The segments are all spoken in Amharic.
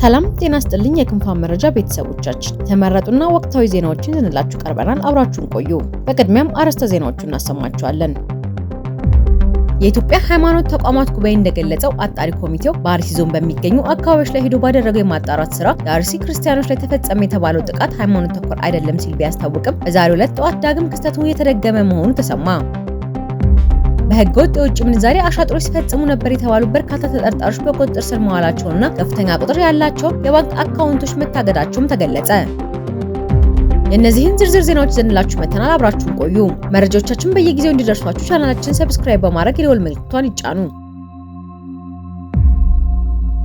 ሰላም ጤና ስጥልኝ። የክንፋን መረጃ ቤተሰቦቻችን የተመረጡና ወቅታዊ ዜናዎችን ዝንላችሁ ቀርበናል። አብራችሁን ቆዩ። በቅድሚያም አርዕስተ ዜናዎቹን እናሰማችኋለን። የኢትዮጵያ ሃይማኖት ተቋማት ጉባኤ እንደገለጸው አጣሪ ኮሚቴው በአርሲ ዞን በሚገኙ አካባቢዎች ላይ ሄዶ ባደረገው የማጣራት ስራ የአርሲ ክርስቲያኖች ላይ ተፈጸመ የተባለው ጥቃት ሃይማኖት ተኮር አይደለም ሲል ቢያስታውቅም በዛሬው ዕለት ጠዋት ዳግም ክስተቱ የተደገመ መሆኑ ተሰማ። በህገ ወጥ የውጭ ምንዛሬ አሻጥሮች ሲፈጽሙ ነበር የተባሉ በርካታ ተጠርጣሪዎች በቁጥጥር ስር መዋላቸውና ከፍተኛ ቁጥር ያላቸው የባንክ አካውንቶች መታገዳቸውም ተገለጸ። የእነዚህን ዝርዝር ዜናዎች ይዘንላችሁ መተናል። አብራችሁን ቆዩ። መረጃዎቻችን በየጊዜው እንዲደርሷችሁ ቻናላችን ሰብስክራይብ በማድረግ የደወል ምልክቷን ይጫኑ።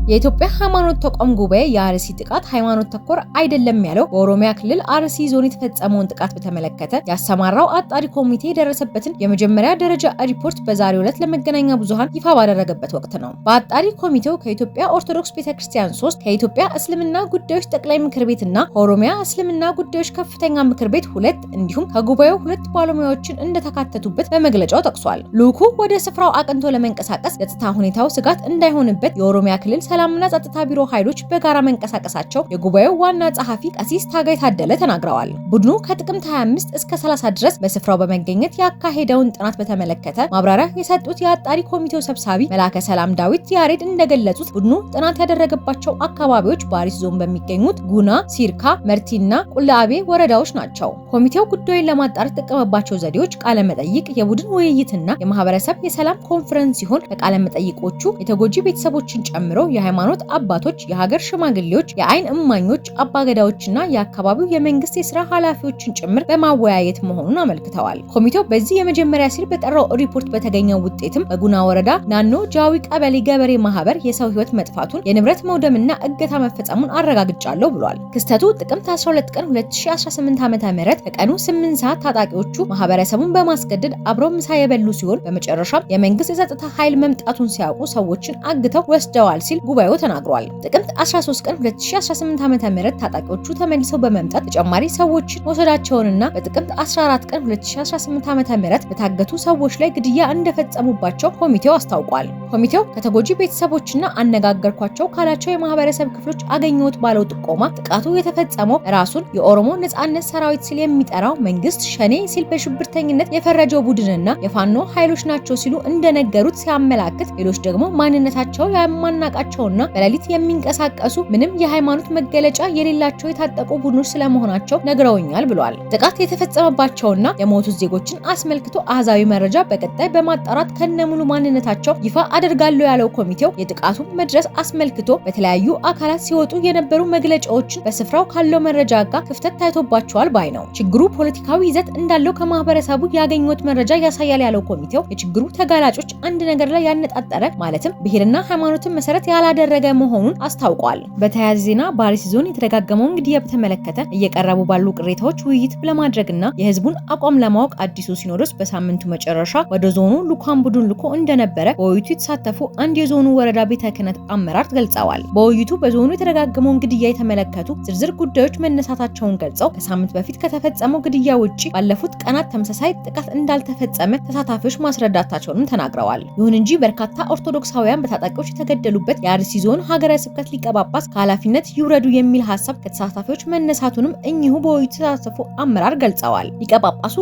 የኢትዮጵያ ሃይማኖት ተቋም ጉባኤ የአርሲ ጥቃት ሃይማኖት ተኮር አይደለም ያለው በኦሮሚያ ክልል አርሲ ዞን የተፈጸመውን ጥቃት በተመለከተ ያሰማራው አጣሪ ኮሚቴ የደረሰበትን የመጀመሪያ ደረጃ ሪፖርት በዛሬው ዕለት ለመገናኛ ብዙሃን ይፋ ባደረገበት ወቅት ነው። በአጣሪ ኮሚቴው ከኢትዮጵያ ኦርቶዶክስ ቤተክርስቲያን ሶስት ከኢትዮጵያ እስልምና ጉዳዮች ጠቅላይ ምክር ቤት እና ከኦሮሚያ እስልምና ጉዳዮች ከፍተኛ ምክር ቤት ሁለት እንዲሁም ከጉባኤው ሁለት ባለሙያዎችን እንደተካተቱበት በመግለጫው ጠቅሷል። ልዑኩ ወደ ስፍራው አቅንቶ ለመንቀሳቀስ ገጽታ ሁኔታው ስጋት እንዳይሆንበት የኦሮሚያ ክልል ሰላምና ጸጥታ ቢሮ ኃይሎች በጋራ መንቀሳቀሳቸው የጉባኤው ዋና ጸሐፊ ቀሲስ ታጋይ ታደለ ተናግረዋል። ቡድኑ ከጥቅምት 25 እስከ 30 ድረስ በስፍራው በመገኘት ያካሄደውን ጥናት በተመለከተ ማብራሪያ የሰጡት የአጣሪ ኮሚቴው ሰብሳቢ መላከ ሰላም ዳዊት ያሬድ እንደገለጹት ቡድኑ ጥናት ያደረገባቸው አካባቢዎች በአሪስ ዞን በሚገኙት ጉና፣ ሲርካ፣ መርቲና ቁላቤ ወረዳዎች ናቸው። ኮሚቴው ጉዳዩን ለማጣራት የተጠቀመባቸው ዘዴዎች ቃለመጠይቅ፣ የቡድን ውይይትና የማህበረሰብ የሰላም ኮንፈረንስ ሲሆን ከቃለመጠይቆቹ የተጎጂ ቤተሰቦችን ጨምሮ የሃይማኖት አባቶች፣ የሀገር ሽማግሌዎች፣ የአይን እማኞች፣ አባገዳዎችና የአካባቢው የመንግስት የስራ ኃላፊዎችን ጭምር በማወያየት መሆኑን አመልክተዋል። ኮሚቴው በዚህ የመጀመሪያ ሲል በጠራው ሪፖርት በተገኘው ውጤትም በጉና ወረዳ ናኖ ጃዊ ቀበሌ ገበሬ ማህበር የሰው ህይወት መጥፋቱን የንብረት መውደምና እገታ መፈጸሙን አረጋግጫለሁ ብሏል። ክስተቱ ጥቅምት 12 ቀን 2018 ዓ.ም ከቀኑ 8 ሰዓት ታጣቂዎቹ ማህበረሰቡን በማስገደድ አብረው ምሳ የበሉ ሲሆን በመጨረሻም የመንግስት የጸጥታ ኃይል መምጣቱን ሲያውቁ ሰዎችን አግተው ወስደዋል ሲል ጉባኤው ተናግሯል። ጥቅምት 13 ቀን 2018 ዓ.ም ታጣቂዎቹ ተመልሰው በመምጣት ተጨማሪ ሰዎችን መውሰዳቸውንና በጥቅምት 14 ቀን 2018 ዓ.ም በታገቱ ሰዎች ላይ ግድያ እንደፈጸሙባቸው ኮሚቴው አስታውቋል። ኮሚቴው ከተጎጂ ቤተሰቦችና አነጋገርኳቸው ካላቸው የማህበረሰብ ክፍሎች አገኘሁት ባለው ጥቆማ ጥቃቱ የተፈጸመው ራሱን የኦሮሞ ነጻነት ሰራዊት ሲል የሚጠራው መንግስት ሸኔ ሲል በሽብርተኝነት የፈረጀው ቡድንና የፋኖ ኃይሎች ናቸው ሲሉ እንደነገሩት ሲያመላክት፣ ሌሎች ደግሞ ማንነታቸው የማናቃቸው ያላቸውና በሌሊት የሚንቀሳቀሱ ምንም የሃይማኖት መገለጫ የሌላቸው የታጠቁ ቡድኖች ስለመሆናቸው ነግረውኛል ብሏል። ጥቃት የተፈጸመባቸውና የሞቱት ዜጎችን አስመልክቶ አዛዊ መረጃ በቀጣይ በማጣራት ከነሙሉ ማንነታቸው ይፋ አደርጋለሁ ያለው ኮሚቴው የጥቃቱን መድረስ አስመልክቶ በተለያዩ አካላት ሲወጡ የነበሩ መግለጫዎችን በስፍራው ካለው መረጃ ጋር ክፍተት ታይቶባቸዋል ባይ ነው። ችግሩ ፖለቲካዊ ይዘት እንዳለው ከማህበረሰቡ ያገኙት መረጃ ያሳያል ያለው ኮሚቴው የችግሩ ተጋላጮች አንድ ነገር ላይ ያነጣጠረ ማለትም ብሔርና ሃይማኖትን መሰረት ያላ እያደረገ መሆኑን አስታውቋል። በተያያዘ ዜና በአርሲ ዞን የተደጋገመውን ግድያ በተመለከተ እየቀረቡ ባሉ ቅሬታዎች ውይይት ለማድረግና የህዝቡን አቋም ለማወቅ አዲሱ ሲኖዶስ በሳምንቱ መጨረሻ ወደ ዞኑ ልኡካን ቡድን ልኮ እንደነበረ በውይይቱ የተሳተፉ አንድ የዞኑ ወረዳ ቤተ ክህነት አመራር ገልጸዋል። በውይይቱ በዞኑ የተደጋገመውን ግድያ የተመለከቱ ዝርዝር ጉዳዮች መነሳታቸውን ገልጸው ከሳምንት በፊት ከተፈጸመው ግድያ ውጭ ባለፉት ቀናት ተመሳሳይ ጥቃት እንዳልተፈጸመ ተሳታፊዎች ማስረዳታቸውንም ተናግረዋል። ይሁን እንጂ በርካታ ኦርቶዶክሳውያን በታጣቂዎች የተገደሉበት የአርሲ የአርሲ ዞን ሀገረ ስብከት ሊቀጳጳስ ከኃላፊነት ይውረዱ የሚል ሀሳብ ከተሳታፊዎች መነሳቱንም እኚሁ በውይይቱ የተሳተፉ አመራር ገልጸዋል። ሊቀ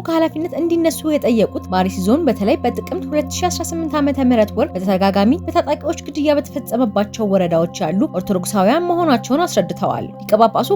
ከኃላፊነት እንዲነሱ የጠየቁት በአርሲ ዞን በተለይ በጥቅምት 2018 ዓ ም ወር በተደጋጋሚ በታጣቂዎች ግድያ በተፈጸመባቸው ወረዳዎች ያሉ ኦርቶዶክሳውያን መሆናቸውን አስረድተዋል። ሊቀ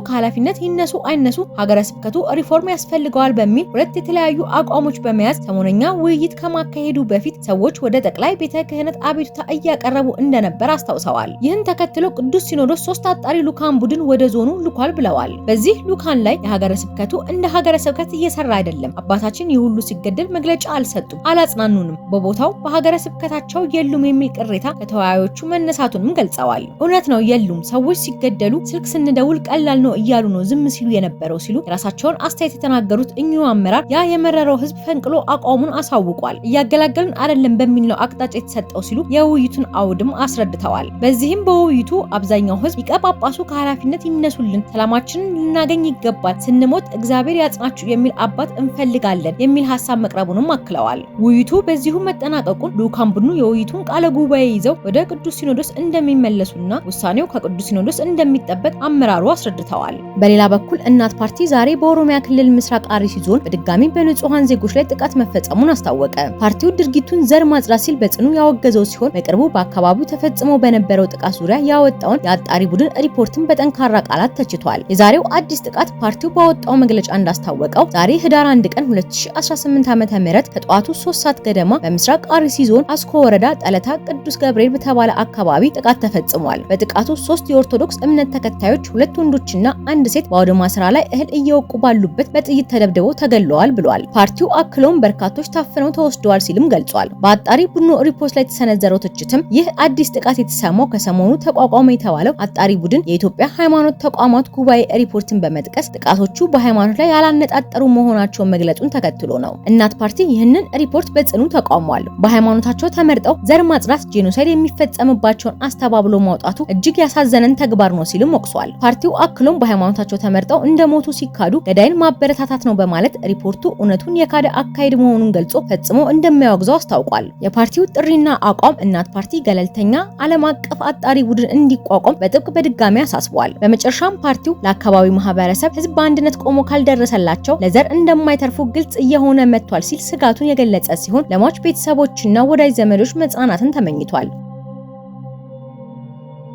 ከኃላፊነት ይነሱ አይነሱ ሀገረ ስብከቱ ሪፎርም ያስፈልገዋል በሚል ሁለት የተለያዩ አቋሞች በመያዝ ሰሞነኛ ውይይት ከማካሄዱ በፊት ሰዎች ወደ ጠቅላይ ቤተ ክህነት አቤቱታ እያቀረቡ እንደነበር አስታውሰዋል። አድርገዋል። ይህን ተከትሎ ቅዱስ ሲኖዶስ ሶስት አጣሪ ልኡካን ቡድን ወደ ዞኑ ልኳል ብለዋል። በዚህ ልኡካን ላይ የሀገረ ስብከቱ እንደ ሀገረ ስብከት እየሰራ አይደለም፣ አባታችን የሁሉ ሲገደል መግለጫ አልሰጡም፣ አላጽናኑንም፣ በቦታው በሀገረ ስብከታቸው የሉም የሚል ቅሬታ ከተወያዮቹ መነሳቱንም ገልጸዋል። እውነት ነው የሉም፣ ሰዎች ሲገደሉ ስልክ ስንደውል ቀላል ነው እያሉ ነው ዝም ሲሉ የነበረው ሲሉ የራሳቸውን አስተያየት የተናገሩት እኚሁ አመራር ያ የመረረው ህዝብ ፈንቅሎ አቋሙን አሳውቋል፣ እያገላገሉን አይደለም በሚል ነው አቅጣጫ የተሰጠው ሲሉ የውይይቱን አውድም አስረድተዋል። በዚህም በውይይቱ አብዛኛው ህዝብ ሊቀ ጳጳሱ ከኃላፊነት ይነሱልን፣ ሰላማችንን ልናገኝ ይገባል፣ ስንሞት እግዚአብሔር ያጽናችሁ የሚል አባት እንፈልጋለን የሚል ሀሳብ መቅረቡንም አክለዋል። ውይይቱ በዚሁ መጠናቀቁን ልዑካን ቡድኑ የውይይቱን ቃለ ጉባኤ ይዘው ወደ ቅዱስ ሲኖዶስ እንደሚመለሱና ውሳኔው ከቅዱስ ሲኖዶስ እንደሚጠበቅ አመራሩ አስረድተዋል። በሌላ በኩል እናት ፓርቲ ዛሬ በኦሮሚያ ክልል ምስራቅ አርሲ ዞን በድጋሚ በንጹሐን ዜጎች ላይ ጥቃት መፈጸሙን አስታወቀ። ፓርቲው ድርጊቱን ዘር ማጽዳት ሲል በጽኑ ያወገዘው ሲሆን በቅርቡ በአካባቢው ተፈጽሞ በነበረው በተፈጠረው ጥቃት ዙሪያ ያወጣውን የአጣሪ ቡድን ሪፖርትን በጠንካራ ቃላት ተችቷል። የዛሬው አዲስ ጥቃት ፓርቲው ባወጣው መግለጫ እንዳስታወቀው ዛሬ ህዳር 1 ቀን 2018 ም ከጠዋቱ 3 ሰዓት ገደማ በምስራቅ አርሲ ዞን አስኮ ወረዳ ጠለታ ቅዱስ ገብርኤል በተባለ አካባቢ ጥቃት ተፈጽሟል። በጥቃቱ ሶስት የኦርቶዶክስ እምነት ተከታዮች፣ ሁለት ወንዶችና አንድ ሴት በአውድማ ስራ ላይ እህል እየወቁ ባሉበት በጥይት ተደብድበው ተገለዋል ብሏል። ፓርቲው አክሎም በርካቶች ታፍነው ተወስደዋል ሲልም ገልጿል። በአጣሪ ቡድኑ ሪፖርት ላይ የተሰነዘረው ትችትም ይህ አዲስ ጥቃት የተሰማው ከሰሞኑ ተቋቋመ የተባለው አጣሪ ቡድን የኢትዮጵያ ሃይማኖት ተቋማት ጉባኤ ሪፖርትን በመጥቀስ ጥቃቶቹ በሃይማኖት ላይ ያላነጣጠሩ መሆናቸውን መግለጹን ተከትሎ ነው። እናት ፓርቲ ይህንን ሪፖርት በጽኑ ተቃውሟል። በሃይማኖታቸው ተመርጠው ዘር ማጽዳት፣ ጄኖሳይድ የሚፈጸምባቸውን አስተባብሎ ማውጣቱ እጅግ ያሳዘነን ተግባር ነው ሲልም ወቅሷል። ፓርቲው አክሎም በሃይማኖታቸው ተመርጠው እንደሞቱ ሲካዱ ገዳይን ማበረታታት ነው በማለት ሪፖርቱ እውነቱን የካደ አካሄድ መሆኑን ገልጾ ፈጽሞ እንደሚያወግዘው አስታውቋል። የፓርቲው ጥሪና አቋም እናት ፓርቲ ገለልተኛ ዓለም አቀፍ አጣሪ ቡድን እንዲቋቋም በጥብቅ በድጋሚ አሳስቧል። በመጨረሻም ፓርቲው ለአካባቢው ማህበረሰብ ህዝብ በአንድነት ቆሞ ካልደረሰላቸው ለዘር እንደማይተርፉ ግልጽ እየሆነ መጥቷል ሲል ስጋቱን የገለጸ ሲሆን ለሟች ቤተሰቦችና ወዳጅ ዘመዶች መጽናናትን ተመኝቷል።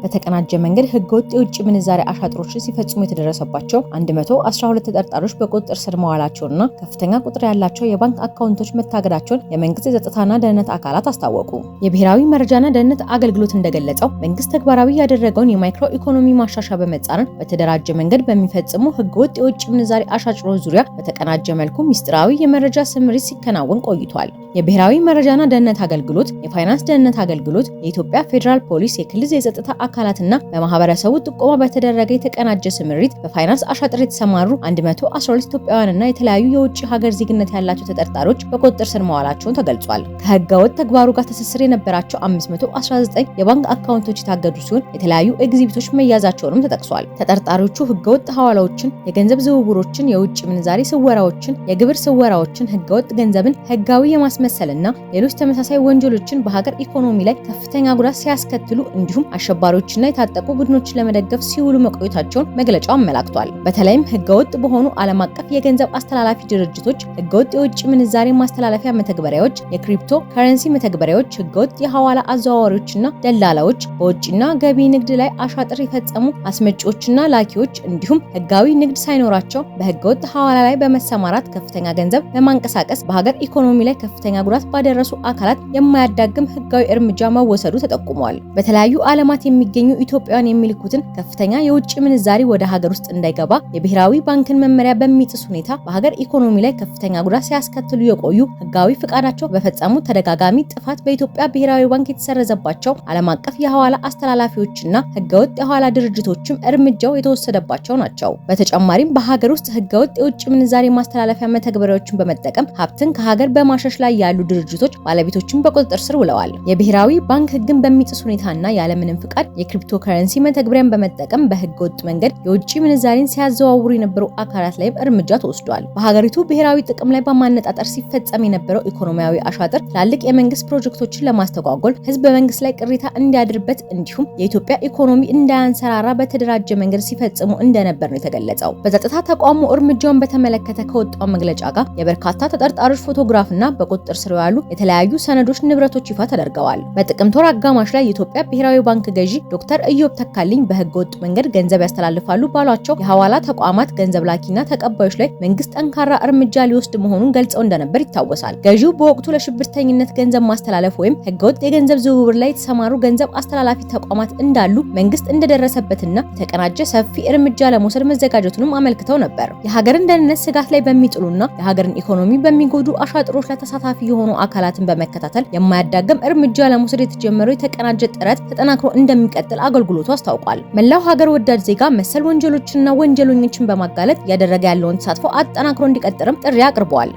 በተቀናጀ መንገድ ህገወጥ የውጭ ምንዛሪ አሻጥሮችን ሲፈጽሙ የተደረሰባቸው 112 ተጠርጣሪዎች በቁጥጥር ስር መዋላቸውንና ከፍተኛ ቁጥር ያላቸው የባንክ አካውንቶች መታገዳቸውን የመንግስት የጸጥታና ደህንነት አካላት አስታወቁ። የብሔራዊ መረጃና ደህንነት አገልግሎት እንደገለጸው መንግስት ተግባራዊ ያደረገውን የማይክሮ ኢኮኖሚ ማሻሻያ በመጻረን በተደራጀ መንገድ በሚፈጽሙ ህገወጥ የውጭ ምንዛሪ አሻጭሮች ዙሪያ በተቀናጀ መልኩ ሚስጥራዊ የመረጃ ስምሪት ሲከናወን ቆይቷል። የብሔራዊ መረጃና ደህንነት አገልግሎት፣ የፋይናንስ ደህንነት አገልግሎት፣ የኢትዮጵያ ፌዴራል ፖሊስ፣ የክልል የጸጥታ አካላትና በማህበረሰቡ ጥቆማ በተደረገ የተቀናጀ ስምሪት በፋይናንስ አሻጥር የተሰማሩ 112 ኢትዮጵያውያንና የተለያዩ የውጭ ሀገር ዜግነት ያላቸው ተጠርጣሪዎች በቁጥጥር ስር መዋላቸውን ተገልጿል። ከህገወጥ ተግባሩ ጋር ትስስር የነበራቸው 519 የባንክ አካውንቶች የታገዱ ሲሆን የተለያዩ ኤግዚቢቶች መያዛቸውንም ተጠቅሷል። ተጠርጣሪዎቹ ህገወጥ ሐዋላዎችን፣ የገንዘብ ዝውውሮችን፣ የውጭ ምንዛሬ ስወራዎችን፣ የግብር ስወራዎችን፣ ህገወጥ ገንዘብን ህጋዊ የማስመሰልና ሌሎች ተመሳሳይ ወንጀሎችን በሀገር ኢኮኖሚ ላይ ከፍተኛ ጉዳት ሲያስከትሉ እንዲሁም አሸባሪ ኃይሎችና የታጠቁ ቡድኖችን ለመደገፍ ሲውሉ መቆየታቸውን መግለጫው አመላክቷል። በተለይም ህገወጥ በሆኑ ዓለም አቀፍ የገንዘብ አስተላላፊ ድርጅቶች፣ ህገወጥ የውጭ ምንዛሬ ማስተላለፊያ መተግበሪያዎች፣ የክሪፕቶ ከረንሲ መተግበሪያዎች፣ ህገወጥ የሐዋላ አዘዋዋሪዎችና ደላላዎች፣ በውጭና ገቢ ንግድ ላይ አሻጥር የፈጸሙ አስመጪዎችና ላኪዎች እንዲሁም ህጋዊ ንግድ ሳይኖራቸው በህገወጥ ሐዋላ ላይ በመሰማራት ከፍተኛ ገንዘብ በማንቀሳቀስ በሀገር ኢኮኖሚ ላይ ከፍተኛ ጉዳት ባደረሱ አካላት የማያዳግም ህጋዊ እርምጃ መወሰዱ ተጠቁሟል። በተለያዩ ዓለማት የሚ የሚገኙ ኢትዮጵያውያን የሚልኩትን ከፍተኛ የውጭ ምንዛሪ ወደ ሀገር ውስጥ እንዳይገባ የብሔራዊ ባንክን መመሪያ በሚጥስ ሁኔታ በሀገር ኢኮኖሚ ላይ ከፍተኛ ጉዳት ሲያስከትሉ የቆዩ ህጋዊ ፍቃዳቸው በፈጸሙ ተደጋጋሚ ጥፋት በኢትዮጵያ ብሔራዊ ባንክ የተሰረዘባቸው ዓለም አቀፍ የሐዋላ አስተላላፊዎችና ህገወጥ የሐዋላ ድርጅቶችም እርምጃው የተወሰደባቸው ናቸው። በተጨማሪም በሀገር ውስጥ ህገወጥ የውጭ ምንዛሬ ማስተላለፊያ መተግበሪያዎችን በመጠቀም ሀብትን ከሀገር በማሸሽ ላይ ያሉ ድርጅቶች ባለቤቶችን በቁጥጥር ስር ውለዋል። የብሔራዊ ባንክ ህግን በሚጥስ ሁኔታና ያለምንም ፍቃድ የክሪፕቶ ከረንሲ መተግበሪያን በመጠቀም በህገ ወጥ መንገድ የውጭ ምንዛሬን ሲያዘዋውሩ የነበሩ አካላት ላይም እርምጃ ተወስዷል። በሀገሪቱ ብሔራዊ ጥቅም ላይ በማነጣጠር ሲፈጸም የነበረው ኢኮኖሚያዊ አሻጥር ትላልቅ የመንግስት ፕሮጀክቶችን ለማስተጓጎል ህዝብ በመንግስት ላይ ቅሬታ እንዲያድርበት እንዲሁም የኢትዮጵያ ኢኮኖሚ እንዳያንሰራራ በተደራጀ መንገድ ሲፈጽሙ እንደነበር ነው የተገለጸው። በጸጥታ ተቋሙ እርምጃውን በተመለከተ ከወጣው መግለጫ ጋር የበርካታ ተጠርጣሪዎች ፎቶግራፍና በቁጥጥር ስር ያሉ የተለያዩ ሰነዶች፣ ንብረቶች ይፋ ተደርገዋል። በጥቅምት ወር አጋማሽ ላይ የኢትዮጵያ ብሔራዊ ባንክ ገዢ ዶክተር ኢዮብ ተካልኝ በህገወጥ ወጥ መንገድ ገንዘብ ያስተላልፋሉ ባሏቸው የሐዋላ ተቋማት ገንዘብ ላኪና ተቀባዮች ላይ መንግስት ጠንካራ እርምጃ ሊወስድ መሆኑን ገልጸው እንደነበር ይታወሳል። ገዢው በወቅቱ ለሽብርተኝነት ገንዘብ ማስተላለፍ ወይም ህገወጥ የገንዘብ ዝውውር ላይ የተሰማሩ ገንዘብ አስተላላፊ ተቋማት እንዳሉ መንግስት እንደደረሰበትና የተቀናጀ ሰፊ እርምጃ ለመውሰድ መዘጋጀቱንም አመልክተው ነበር። የሀገርን ደህንነት ስጋት ላይ በሚጥሉና የሀገርን ኢኮኖሚ በሚጎዱ አሻጥሮች ላይ ተሳታፊ የሆኑ አካላትን በመከታተል የማያዳግም እርምጃ ለመውሰድ የተጀመረው የተቀናጀ ጥረት ተጠናክሮ እንደሚ እንደሚቀጥል አገልግሎቱ አስታውቋል። መላው ሀገር ወዳድ ዜጋ መሰል ወንጀሎችና ወንጀለኞችን በማጋለጥ እያደረገ ያለውን ተሳትፎ አጠናክሮ እንዲቀጥልም ጥሪ አቅርበዋል።